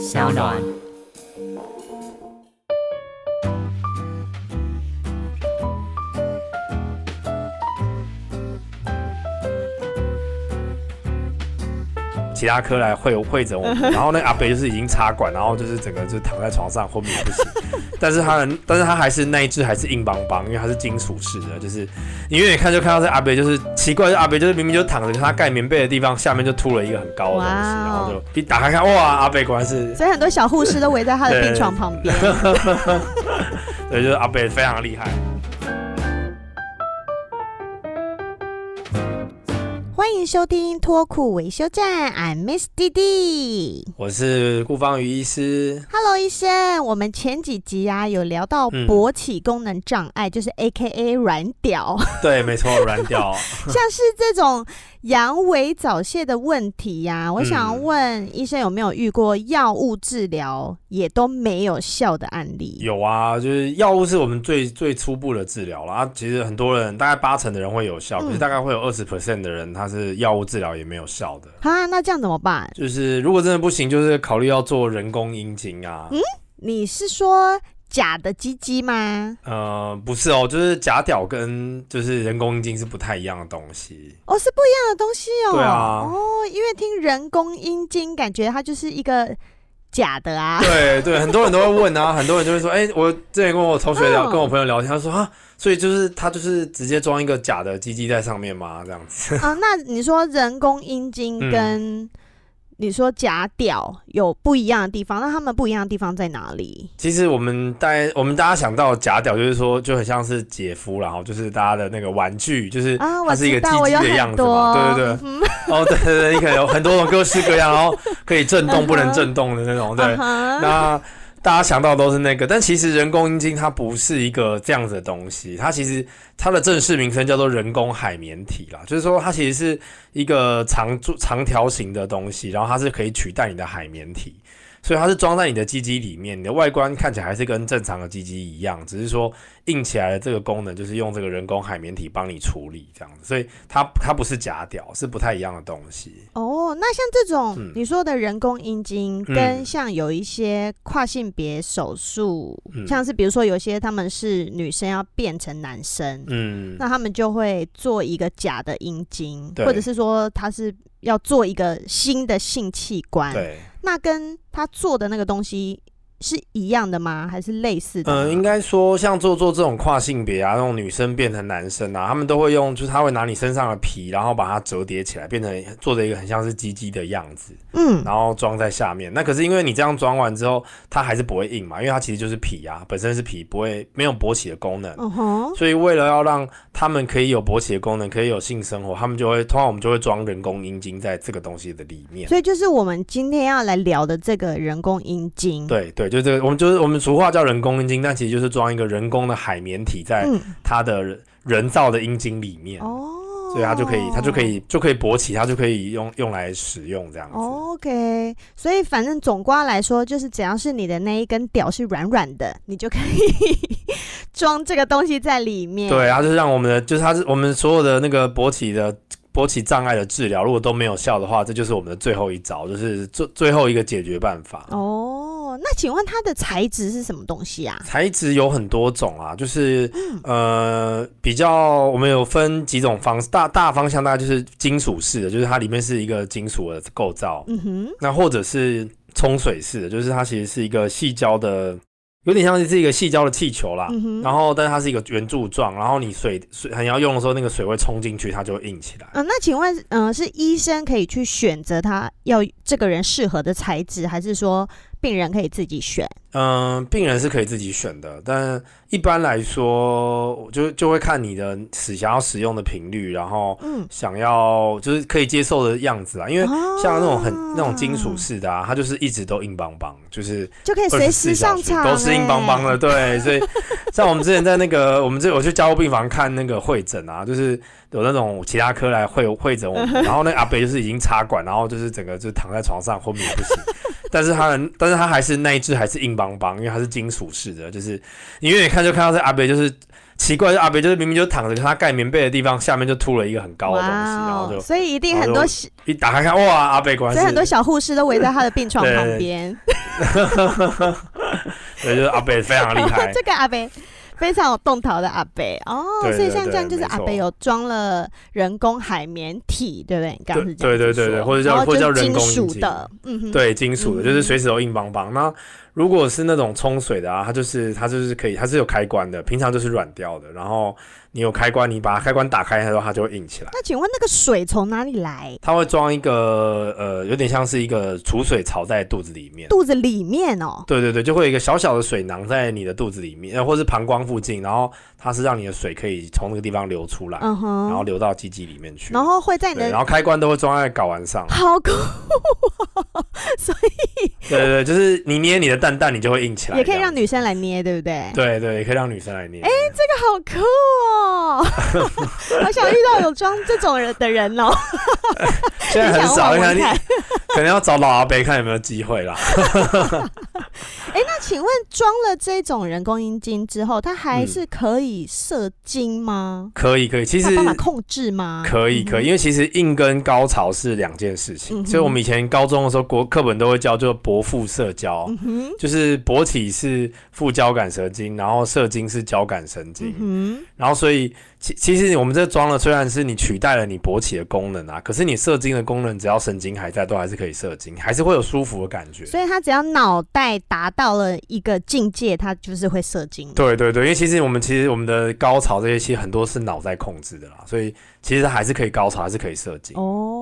小暖，其他科來會會診我們，然後那阿北就是已經插管，然後就是整個就躺在床上昏迷不醒。但是他的，但是他還是那一隻還是硬邦邦，因為他是金屬式的，就是你遠遠看就看到這阿北，就是。奇怪，就阿北就是明明就躺着，他蓋棉被的地方下面就凸了一個很高的東西，然後就打開看，哇，阿北果然是。所以很多小護士都圍在他的病床旁邊，所以就是阿北非常厲害。歡迎收聽脫褲維修站，I miss 弟弟，我是顧芳瑜醫師。Hello，醫生，我們前幾集啊有聊到勃起功能障礙，嗯、就是 AKA 軟屌。對，沒錯，軟屌。 像是這種陽痿早洩的問題呀、啊， 我想要問醫生有沒有遇過藥物治療也都沒有效的案例？有啊，就是藥物是我們最最初步的治療啦、啊。其實很多人大概八成的人會有效，嗯、可是大概會有二十 percent 的人他。是藥物治療也沒有效的哈，那這樣怎麼辦？就是如果真的不行，就是考慮要做人工陰莖啊。嗯，你是說假的雞雞嗎？呃，不是哦，就是假屌跟就是人工陰莖是不太一樣的東西。哦，是不一樣的東西哦。對啊。哦，因為聽人工陰莖，感覺它就是一個。假的啊！對對，很多人都會問啊， 很多人就會說，哎、欸，我之前跟我同學聊，跟我朋友聊天，哦、他說哈，所以就是他就是直接裝一個假的雞雞在上面嘛，這樣子。啊、嗯，那你說人工陰莖跟、嗯？你說假屌，有不一樣的地方，那他們不一樣的地方在哪裡？其實我們大我們大家想到假屌，就是說就很像是姐夫，然後就是大家的那個玩具，就是、啊、它是一個機機的樣子嘛。啊、對對對，嗯、哦對對對，你看有很多種各式各樣， 然後可以震動 不能震動的那種，對、uh huh、那。大家想到的都是那個，但其實人工陰莖它不是一個這樣子的東西，它其實它的正式名稱叫做人工海綿體啦，就是說它其實是一個長柱長條形的東西，然後它是可以取代你的海綿體。所以它是裝在你的雞雞裡面，你的外觀看起來還是跟正常的雞雞一樣，只是說硬起來的這個功能就是用這個人工海綿體幫你處理這樣子。所以它它不是假屌，是不太一樣的東西。哦，那像這種你說的人工陰莖，跟像有一些跨性別手術，嗯，像是比如說有些他們是女生要變成男生，嗯，那他們就會做一個假的陰莖，對或者是說他是要做一個新的性器官，對。那跟他做的那個東西，是一樣的嗎？還是類似的？嗯，應該說像做做這種跨性別啊，那種女生變成男生啊，他們都會用，就是他會拿你身上的皮，然後把它折疊起來，變成做的一個很像是雞雞的樣子，嗯，然後裝在下面。那可是因為你這樣裝完之後，它還是不會硬嘛，因為它其實就是皮呀、啊，本身是皮，不會沒有勃起的功能。嗯哼、uh-huh。所以為了要讓他們可以有勃起的功能，可以有性生活，他們就會通常我們就會裝人工陰莖在這個東西的裡面。所以就是我們今天要來聊的這個人工陰莖。對對。就這個，我們就是我們俗話叫人工陰莖，但其實就是裝一個人工的海綿體在它的人人造的陰莖裡面，嗯 oh. 所以它就可以，它就可以，就可以勃起，它就可以用用來使用這樣子。OK，所以反正總括來說，就是只要是你的那一根屌是軟軟的，你就可以裝 這個東西在裡面。對，它就是讓我們的，就是它是我們所有的那個勃起的勃起障礙的治療，如果都沒有效的話，這就是我們的最後一招，就是最最後一個解決辦法。哦。Oh. 那請問它的材質是什麼東西啊？材質有很多種啊，就是、嗯、呃，比較我們有分幾種方式，大大方向大概就是金屬式的，就是它裡面是一個金屬的構造。嗯哼。那或者是沖水式的，就是它其實是一個矽膠的，有點像是一個矽膠的氣球啦。嗯哼。然後，但是它是一個圓柱狀，然後你水水很要用的時候，那個水會沖進去，它就會硬起來。嗯，那請問，嗯、呃，是醫生可以去選擇他要這個人適合的材質，還是說？病人可以自己選，嗯，病人是可以自己選的，但一般來說，就就會看你的使想要使用的頻率，然後想要、嗯、就是可以接受的樣子啊，因為像那種很、哦、那種金屬式的啊，它就是一直都硬邦邦，就是就可以隨時上場，欸，都是硬邦邦的，對，所以 像我們之前在那個我們這我去加護病房看那個會診啊，就是有那種其他科來會會診我們、嗯、哼然後那阿北就是已經插管，然後就是整個就躺在床上昏迷不醒。 但是他很，但是他還是那一隻，還是硬邦邦，因為他是金屬式的，就是你遠遠看就看到這阿伯就是奇怪，阿伯就是明明就躺着，跟他蓋棉被的地方下面就凸了一個很高的東西，wow，然後就所以一定很多，一打開看哇，阿伯關，所以很多小護士都圍在他的病床旁邊，所以 就是阿伯非常厲害， 這個阿伯非常有洞頭的阿伯哦，對對對，所以像這樣就是阿伯有裝了人工海綿體，對，對不對？你剛剛是對對對對，或者叫或者叫人工金屬的，嗯哼，對，金屬的，嗯、哼就是隨時都硬邦邦。那如果是那種充水的啊，它就是它就是可以，它是有開關的，平常就是軟掉的。然後你有開關，你把開關打開，它說它就會硬起來。嗯、那請問那個水從哪裡來？它會裝一個呃，有點像是一個儲水槽在肚子裡面。肚子裡面哦、喔。對對對，就會有一個小小的水囊在你的肚子裡面，呃、或是膀胱附近。然後它是讓你的水可以從那個地方流出來，嗯、哼然後流到雞雞裡面去。然後會在你的然後開關都會裝在睾丸上。好酷、喔，所以對對對，就是你捏你的。蛋蛋你就會硬起來，也可以讓女生來捏，對不對？對對，也可以讓女生來捏。哎，這個好酷哦！ 好想遇到有裝這種人的人哦。 現在很少，可能要找老阿伯看有沒有機會啦。 請問裝了這種人工陰莖之後，它還是可以射精嗎？嗯？可以可以，其實辦法控制嗎？可以可以，因為其實硬跟高潮是兩件事情。嗯、哼所以我們以前高中的時候，國課本都會教，就勃副射交，就是勃起、嗯、哼是，是副交感神經，然後射精是交感神經。嗯哼，然後所以。其其實我們這裝的，雖然是你取代了你勃起的功能啊，可是你射精的功能，只要神經還在，都還是可以射精，還是會有舒服的感覺。所以他只要腦袋達到了一個境界，他就是會射精。對對對，因為其實我們其實我們的高潮這些，其實很多是腦袋控制的啦，所以其實它還是可以高潮，還是可以射精。哦。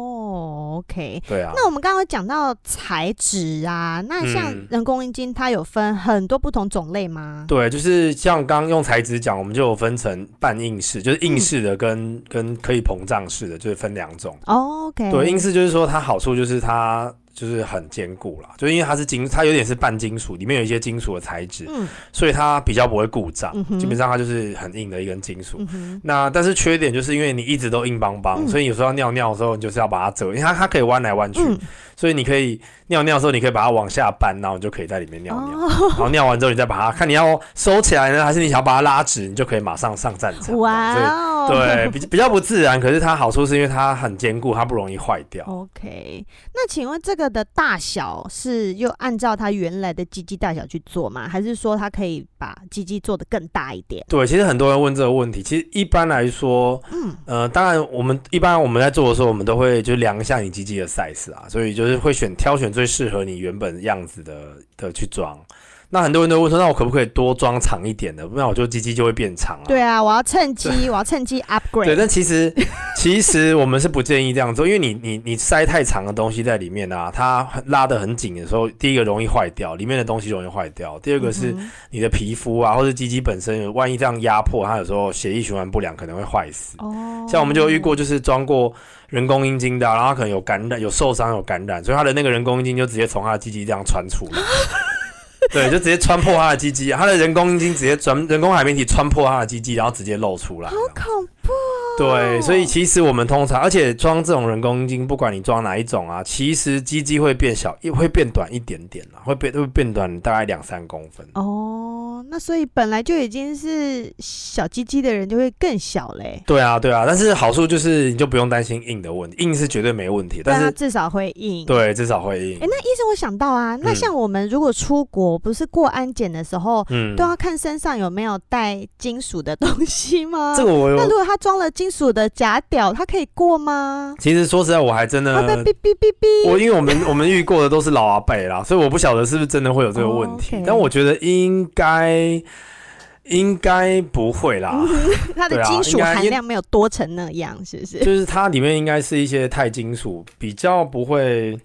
OK，對啊。那我們剛剛講到材質啊，那像人工陰莖，它有分很多不同種類嗎？嗯、對，就是像剛用材質講，我們就有分成半硬式，就是硬式的跟、嗯、跟可以膨脹式的，就是分兩種。Oh, OK，對，硬式就是說它好處就是它。就是很堅固了，就是因為它是金，它有點是半金屬，裡面有一些金屬的材質，嗯、所以它比較不會故障，嗯、哼基本上它就是很硬的一根金屬，嗯、哼那但是缺點就是因為你一直都硬邦邦，嗯、所以有時候要尿尿的時候，你就是要把它折，因為它它可以彎來彎去，嗯、所以你可以尿尿的時候，你可以把它往下扳，然後你就可以在裡面尿尿，哦、然後尿完之後你再把它看你要收起來呢，還是你想要把它拉直，你就可以馬上上戰場，哇、哦。對， 比比較不自然，可是它好處是因為它很堅固，它不容易壞掉。OK，那請問這個的大小是又按照它原來的 G G 大小去做嗎？還是說它可以把 G G 做得更大一點？對，其實很多人問這個問題，其實一般來說，嗯，呃，當然我們一般我們在做的時候，我們都會就是量一下你 G G 的 size 啊，所以就是會選挑選最適合你原本樣子的的去裝。那很多人都問說，那我可不可以多裝長一點的？不然我就雞雞就會變長啊。對啊，我要趁機，對我要趁機 upgrade。對，但其實 其實我們是不建議這樣做，因為你你你塞太長的東西在裡面啊，它拉得很緊的時候，第一個容易壞掉，裡面的東西容易壞掉。第二個是你的皮膚啊，嗯、哼或是雞雞本身，萬一這樣壓迫它，有時候血液循環不良可能會壞死。哦。像我們就遇過，就是裝過人工陰莖的、啊，然後可能有感染、有受傷、有感染，所以他的那個人工陰莖就直接從他的雞雞這樣穿出來。 對，就直接穿破他的雞雞，他的人工陰莖直接轉人工海綿體穿破他的雞雞，然後直接露出來，好恐怖哦。對，所以其實我們通常，而且裝這種人工莖，不管你裝哪一種啊，其實雞雞會變小，也會變短一點點啦、啊，會變會變短大概兩三公分。哦，那所以本來就已經是小雞雞的人就會更小嘞。對啊，對啊，但是好處就是你就不用擔心硬的問題，硬是絕對沒問題，但是、啊、至少會硬。對，至少會硬。哎，那醫生，我想到啊，那像我們如果出國不是過安檢的時候，嗯，都要看身上有沒有帶金屬的東西嗎？這個我有。那如果他裝了金。金屬的假屌，它可以過嗎？其實說實在，我還真的，嗶嗶嗶嗶，我因為我們我們遇過的都是老阿北啦，所以我不曉得是不是真的會有這個問題，哦 okay、但我覺得應該應該不會啦，嗯、它的金屬、 啊、該含量沒有多成那樣，是不是？就是它裡面應該是一些鈦金屬，比較不會。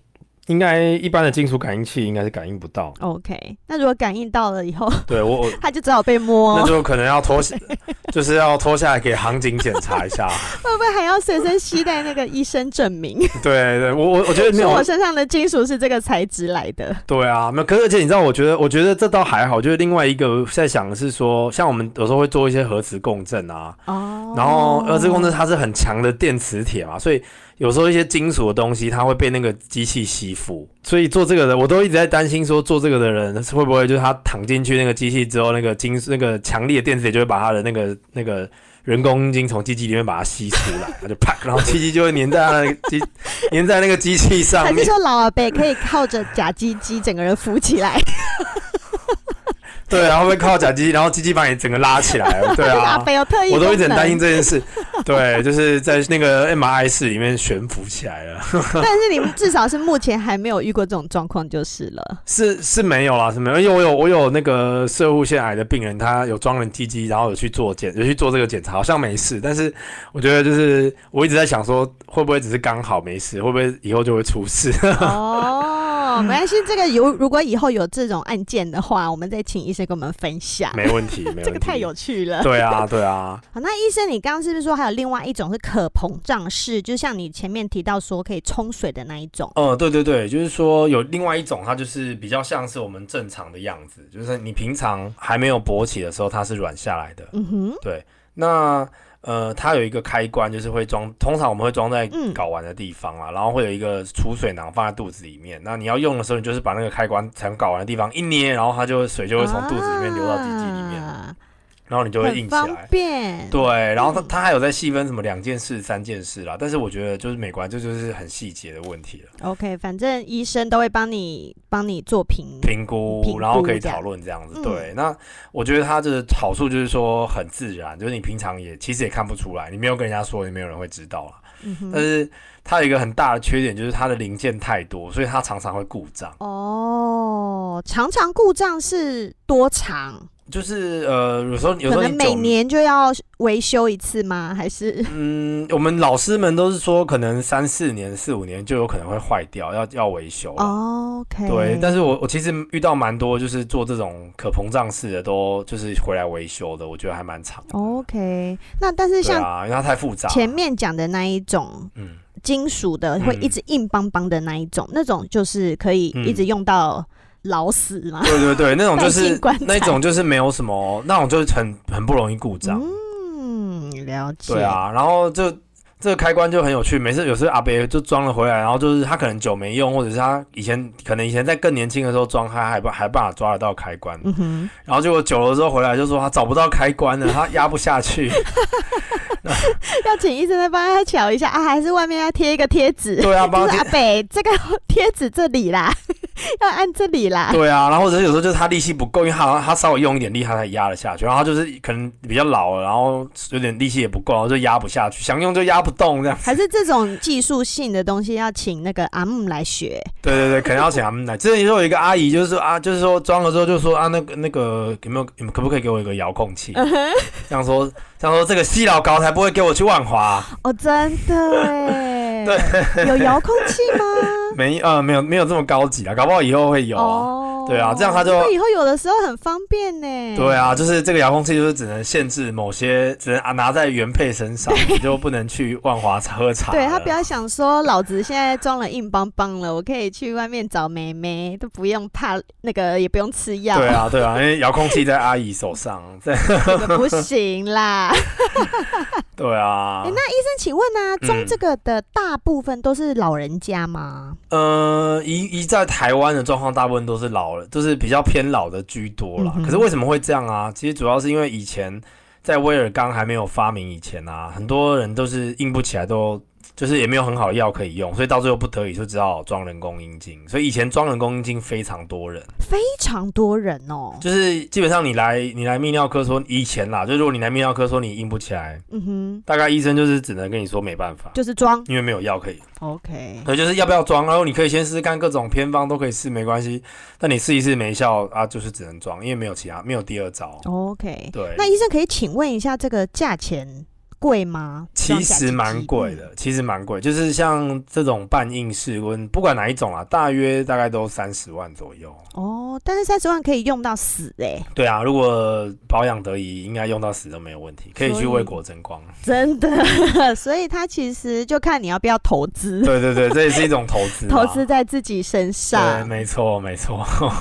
應該一般的金屬感應器應該是感應不到。OK，那如果感應到了以後，對我，他就只好被摸，那就可能要脫下，對就是要脫下來給航警檢查一下。 會不會還要隨身攜帶那個醫生證明？對，對我我我覺得沒有。我身上的金屬是這個材質來的。對啊，沒有。可是而且你知道，我覺得我覺得這倒還好。就是另外一個在想的是說，像我們有時候會做一些核磁共振啊，哦，oh. 然後核磁共振它是很強的電磁鐵嘛，所以。有時候一些金屬的東西，它會被那個機器吸附，所以做這個的我都一直在擔心，說做這個的人會不會就是他躺進去那個機器之後，那個金那個強力的電磁鐵就會把他的那個那個人工金從機器裡面把它吸出來， 他就啪，然後機器就會粘在粘 在那個機器上面。還是說老二貝可以靠着假雞雞整個人浮起來？ 對，然後會靠甲基， 然後雞雞把你整個拉起來了，對啊，我都一直很擔心這件事，對， 就是在那個 M R 四裡面懸浮起來了。但是你們至少是目前還沒有遇過這種狀況，就是了。 是，是沒有啦，是沒有。因為，我有，我有那個社瘤腺癌的病人，他有裝人雞雞，然後有去做檢，有去做這個檢查，好像沒事。但是，我覺得就是我一直在想說，會不會只是剛好沒事，會不會以後就會出事？哦 。Oh. 哦，沒關係。這個有，如果以後有這種案件的話，我們再請醫生跟我們分享。沒問題，沒問題 這個太有趣了。對啊，對啊。好，那醫生，你剛剛是不是說還有另外一種是可膨脹式？就像你前面提到說可以沖水的那一種。哦、呃，對對對，就是說有另外一種，它就是比較像是我們正常的樣子，就是你平常還沒有勃起的時候，它是軟下來的。嗯哼。對，那。呃，它有一個開關，就是會裝，通常我們會裝在睪丸的地方啊，嗯、然後會有一個儲水囊放在肚子裡面。那你要用的時候，你就是把那個開關能睪丸的地方一捏，然後它就水就會從肚子裡面流到機器裡面。啊然後你就會硬起來，方便，對。然後他他、嗯、還有在細分什麼兩件事、三件事啦。但是我覺得就是美觀，這就，就是很細節的問題了。OK，反正醫生都會幫你幫你做評評估估，然後可以討論這樣子。對，嗯、那我覺得它的好處就是說很自然，嗯、就是你平常也其實也看不出來，你沒有跟人家說，也沒有人會知道啦。嗯、哼但是它有一個很大的缺點，就是它的零件太多，所以它常常會故障。哦，常常故障是多長？就是呃，有時候有時候你可能每年就要維修一次嗎？還是嗯，我們老師們都是說，可能三四年、四五年就有可能會壞掉，要要維修。哦、oh，OK。對，但是我我其實遇到蠻多，就是做這種可膨脹式的，都就是回來維修的。我覺得還蠻長的。Oh, OK，那但是像啊，因為它太複雜。前面講的那一種，嗯，金屬的會一直硬邦邦的那一種，嗯、那種就是可以一直用到。老死嘛？對對對，那種就是 進觀那種就是沒有什麼，那種就是很很不容易故障。嗯，了解。對啊，然後就這個開關就很有趣，每次有時候阿伯就裝了回來，然後就是他可能久沒用，或者是他以前可能以前在更年輕的時候裝他還不還辦法抓得到開關。嗯哼。然後結果久了之後回來就說他找不到開關了， 他壓不下去。要請醫生再幫他喬一下啊，還是外面要貼一個貼紙？對啊，幫阿伯這個貼紙這裡啦。 要按這裡啦。對啊，然後或者是有時候就是他力氣不夠，因為他他稍微用一點力，他才壓得下去。然後他就是可能比較老了，然後有點力氣也不夠，然後就壓不下去，想用就壓不動這樣。還是這種技術性的東西要請那個阿姆來學。對對對，可能要請阿姆來。 之前說有一個阿姨就是說啊，就是說裝了之後就說啊，那個那個有沒有，你們，可不可以給我一個遙控器？想、uh huh. 說想說這個吸老高才不會給我去萬華。哦，oh, 真的哎， 對有遙控器嗎？ 沒呃，沒有沒有這麼高級啊。搞不好以後會有。Oh. 對啊，這樣他就以後有的時候很方便呢。對啊，就是這個遙控器就是只能限制某些，只能啊拿在原配身上，對你就不能去萬華喝茶。對、啊、他不要想說老子現在裝了硬邦邦了，我可以去外面找妹妹都不用怕那個，也不用吃藥。對啊，對啊，因為遙控器在阿姨手上，這， 個不行啦。 對啊、欸，那醫生請問呢、啊，裝這個的大部分都是老人家嗎？嗯、呃，一一在台灣的狀況，大部分都是老人。就是比較偏老的居多啦。嗯、哼可是為什麼會這樣啊？其實主要是因為以前在威爾剛還沒有發明以前啊，很多人都是硬不起來都。就是也沒有很好的藥可以用，所以到最後不得已就只好裝人工陰莖。所以以前裝人工陰莖非常多人，非常多人哦。就是基本上你來你來泌尿科說以前啦，就是如果你來泌尿科說你硬不起來，嗯哼，大概醫生就是只能跟你說沒辦法，就是裝，因為沒有藥可以。OK，所以就是要不要裝，然後你可以先試試看各種偏方都可以試，沒關係。但你試一試沒效啊，就是只能裝，因為沒有其他沒有第二招。OK，對。那醫生可以請問一下這個價錢？貴嗎？其實蠻貴的，其實蠻貴，就是像這種半硬式溫，不管哪一種啊，大約大概都三十萬左右哦。但是三十萬可以用到死哎，欸。對啊，如果保養得宜，應該用到死都沒有問題，可以去為國爭光。真的， 所以它其實就看你要不要投資。對對對，這也是一種投資， 投資在自己身上。對，沒錯沒錯。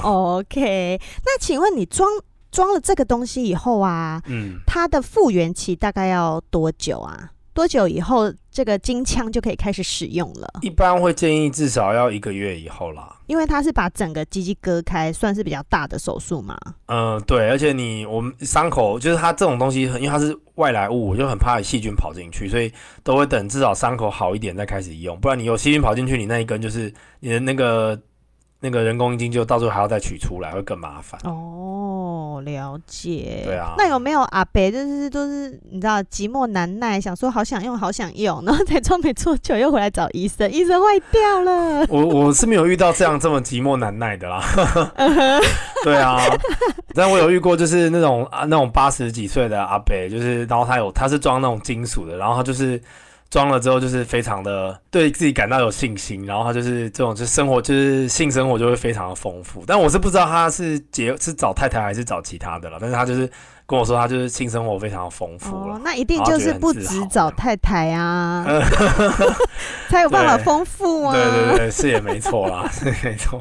OK，那請問你裝？裝了這個東西以後啊，嗯，它的復原期大概要多久啊？多久以後這個金槍就可以開始使用了？一般會建議至少要一個月以後啦，因為它是把整個雞雞割開，算是比較大的手術嘛。嗯、呃，對，而且你我們傷口就是它這種東西，因為它是外來物，我就很怕細菌跑進去，所以都會等至少傷口好一點再開始用，不然你有細菌跑進去，你那一根就是你的那個。那個人工陰莖就到時候還要再取出來，會更麻煩。哦，了解。對啊，那有沒有阿伯就是就是你知道寂寞難耐，想說好想用好想用，然後才裝沒多久又回來找醫生， 醫生壞掉了。我我是沒有遇到這樣 這麼寂寞難耐的啦。對啊， 但我有遇過就是那種啊那種八十幾歲的阿伯，就是然後他有他是裝那種金屬的，然後他就是。裝了之後，就是非常的對自己感到有信心，然後他就是這種，就生活就是性生活就會非常的豐富。但我是不知道他是結是找太太還是找其他的了。但是他就是跟我說，他就是性生活非常的豐富，哦、那一定就是不止找太太啊， 才有辦法豐富啊 對。對對對，是也沒錯啦， 是也沒錯。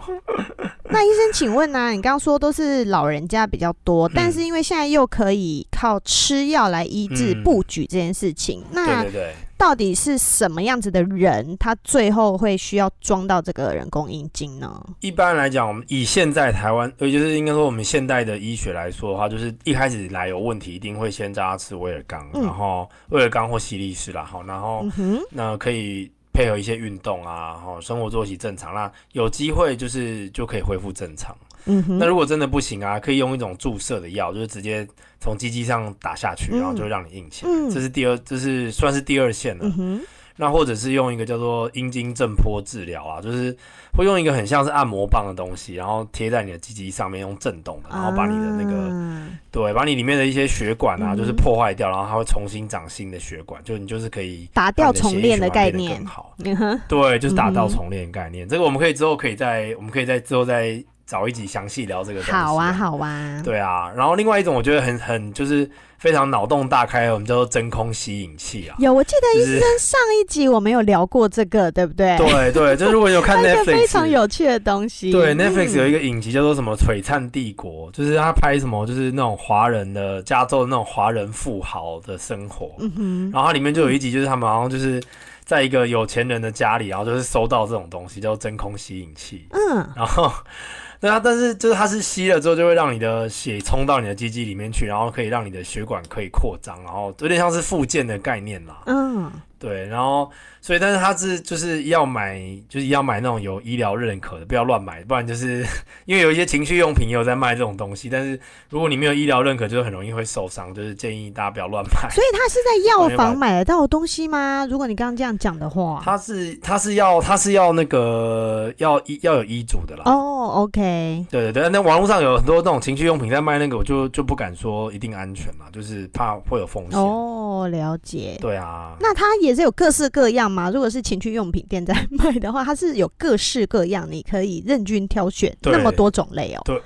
那醫生，請問呢、啊？你剛剛說都是老人家比較多，嗯、但是因為現在又可以靠吃藥來醫治不舉這件事情，嗯、那對對對。到底是什麼樣子的人，他最後會需要裝到這個人工陰莖呢？一般來講，我們以現在台灣，呃，就是應該說我們現代的醫學來說的話，就是一開始來有問題，一定會先叫他吃威而鋼，嗯、然後威而鋼或犀利士啦，好，然後、嗯、哼那可以配合一些運動啊，好，生活作息正常，那有機會就是就可以恢復正常。嗯哼，那如果真的不行啊，可以用一種注射的藥，就是直接從雞雞上打下去，嗯、然後就讓你硬起來。嗯、這是第二，這是算是第二線了。嗯、哼那或者是用一個叫做陰莖震波治療啊，就是會用一個很像是按摩棒的東西，然後貼在你的雞雞上面，用震動的，然後把你的那個，啊、對，把你裡面的一些血管啊，嗯、哼就是破壞掉，然後它會重新長新的血管，就你就是可以血血打掉重練的概念。好、嗯，對，就是打到重練概念。嗯、哼這個我們可以之後可以再，我們可以在之後再。找一集詳細聊這個東西，好啊，啊好啊，對啊。然後另外一種，我覺得很很就是非常腦洞大開，我們叫做真空吸引器啊。有，我記得醫生、就是、上一集我們有聊過這個，對不對？對對，就是如果有看 Netflix 非常有趣的東西。對，Netflix 有一個影集叫做什麼《璀璨帝國》，嗯，就是他拍什麼，就是那種華人的加州的那種華人富豪的生活。嗯哼。然後它裡面就有一集，就是他們好像就是在一個有錢人的家裡，然後就是收到這種東西，叫做真空吸引器。嗯，然後。對啊，但是就是它是吸了之後，就會讓你的血衝到你的肌肌裡面去，然後可以讓你的血管可以擴張，然後有點像是復健的概念啦。嗯。對，然後所以但是他是就是要買就是要買那種有醫療認可的，不要亂買，不然就是因為有一些情趣用品也有在賣這種東西，但是如果你沒有醫療認可，就是很容易會受傷，就是建議大家不要亂買。所以他是在藥房買得到東西嗎？如果你剛剛這樣講的話，他是他是要他是要那個要醫要，要有醫囑的啦。哦，oh，OK，對對對，那網絡上有很多那種情趣用品在賣，那個我就就不敢說一定安全嘛，就是怕會有風險。哦，oh，了解。對啊，那他也。也是有各式各樣嘛。如果是情趣用品店在賣的話，它是有各式各樣，你可以任君挑選，對，那麼多種類哦。對，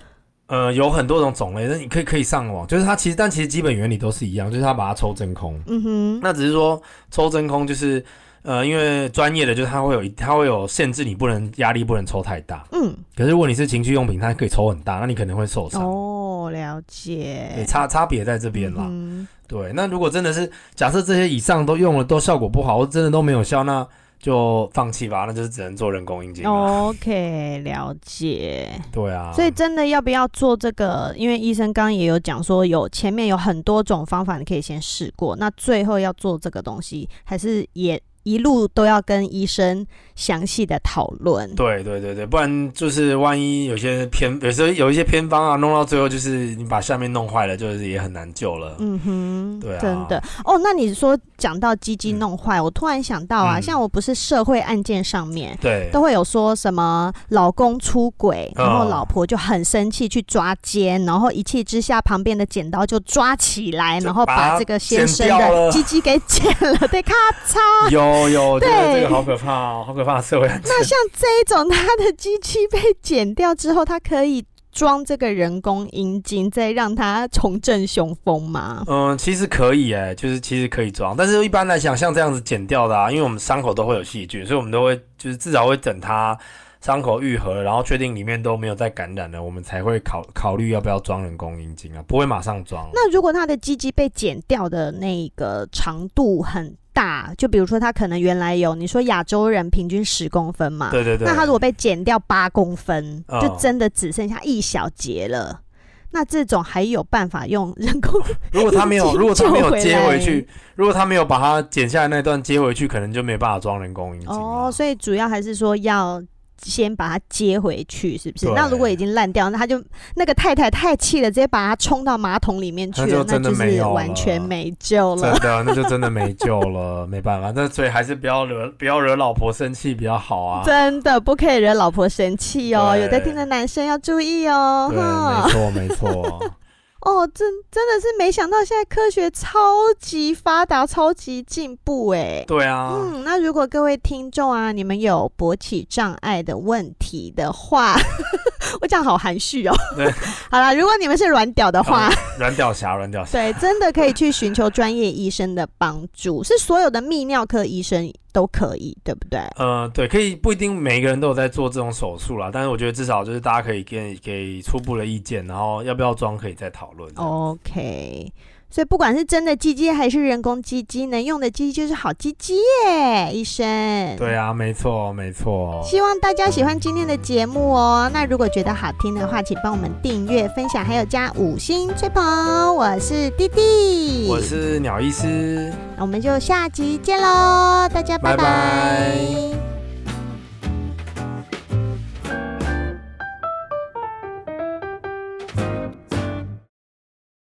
呃，有很多種種類，那你可以可以上網，就是它其實，但其實基本原理都是一樣，就是它把它抽真空。嗯哼，那只是說抽真空，就是呃，因為專業的，就是它會有一，它會有限制，你不能壓力不能抽太大。嗯，可是如果你是情趣用品，它可以抽很大，那你可能會受傷。哦我了解，欸、差差別在這邊啦。嗯、對，那如果真的是假設這些以上都用了都效果不好，或真的都沒有效，那就放棄吧，那就是只能做人工陰莖、哦。OK，了解。 對啊，所以真的要不要做這個？因為醫生剛剛也有講說，有前面有很多種方法，你可以先試過，那最後要做這個東西，還是也。一路都要跟醫生詳細的討論。對對對對，不然就是萬一有些偏，有時候有一些偏方啊，弄到最後就是你把下面弄壞了，就是也很難救了。嗯哼，對啊，真的哦。那你說講到雞雞弄壞，嗯、我突然想到啊，嗯、像我不是社會案件上面，對，都會有說什麼老公出軌，然後老婆就很生氣去抓姦，嗯、然後一氣之下旁邊的剪刀就抓起來，就把然後把這個先生的雞雞給剪了，對，咔嚓。有。哦喲，個、oh, 對這個好可怕哦， 好可怕的社會。那像這一種， 它的機器被剪掉之後，它可以裝這個人工陰莖，再讓它重振雄風嗎？嗯，其實可以誒，就是其實可以裝，但是一般來講，像這樣子剪掉的啊，因為我們傷口都會有細菌，所以我們都會就是至少會等它傷口癒合了，然後確定裡面都沒有再感染了，我們才會考考慮要不要裝人工陰莖啊，不會馬上裝。 那如果它的機器被剪掉的那個長度很？大，就比如說他可能原來有你說亞洲人平均十公分嘛，對對對。那他如果被剪掉八公分，哦、就真的只剩下一小節了。那這種還有辦法用人工？如果他沒有， 如果他沒有接回去，如果他沒有把他剪下來那段接回去，可能就沒辦法裝人工陰莖哦。所以主要還是說要。先把他接回去，是不是？對那如果已經爛掉，那他就那個太太太氣了，直接把他衝到馬桶裡面去了，那就真的沒有，完全沒救了。真的，那就真的沒救了， 沒辦法，那所以還是不要惹不要惹老婆生氣比較好啊。真的不可以惹老婆生氣哦，對有在聽的男生要注意哦。對呵沒，沒錯沒錯。 哦，真真的是沒想到，現在科學超級發達，超級進步哎。對啊。嗯，那如果各位聽眾啊，你們有勃起障礙的問題的話， 我這樣好含蓄哦。對。好啦。如果你們是軟屌的話，軟屌俠，軟屌俠。對，真的可以去尋求專業醫生的幫助，對是所有的泌尿科醫生，都可以，對不對？呃，對，可以不一定每一個人都有在做這種手術啦，但是我覺得至少就是大家可以給給初步的意見，然後要不要裝可以再討論。OK。所以不管是真的雞雞還是人工雞雞，能用的雞雞就是好雞雞耶，醫生。對啊，沒錯，沒錯。希望大家喜歡今天的節目哦。那如果覺得好聽的話，請幫我們訂閱、分享，還有加五星吹捧。我是弟弟，我是鳥醫師。那我們就下集見嘍，大家拜拜。Bye bye